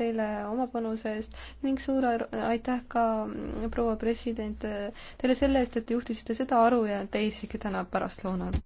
teile oma panuse eest ning suur aitäh ka mm, proua president teile selle eest, et te juhtisite seda aru ja teisigi täna pärastlõunal.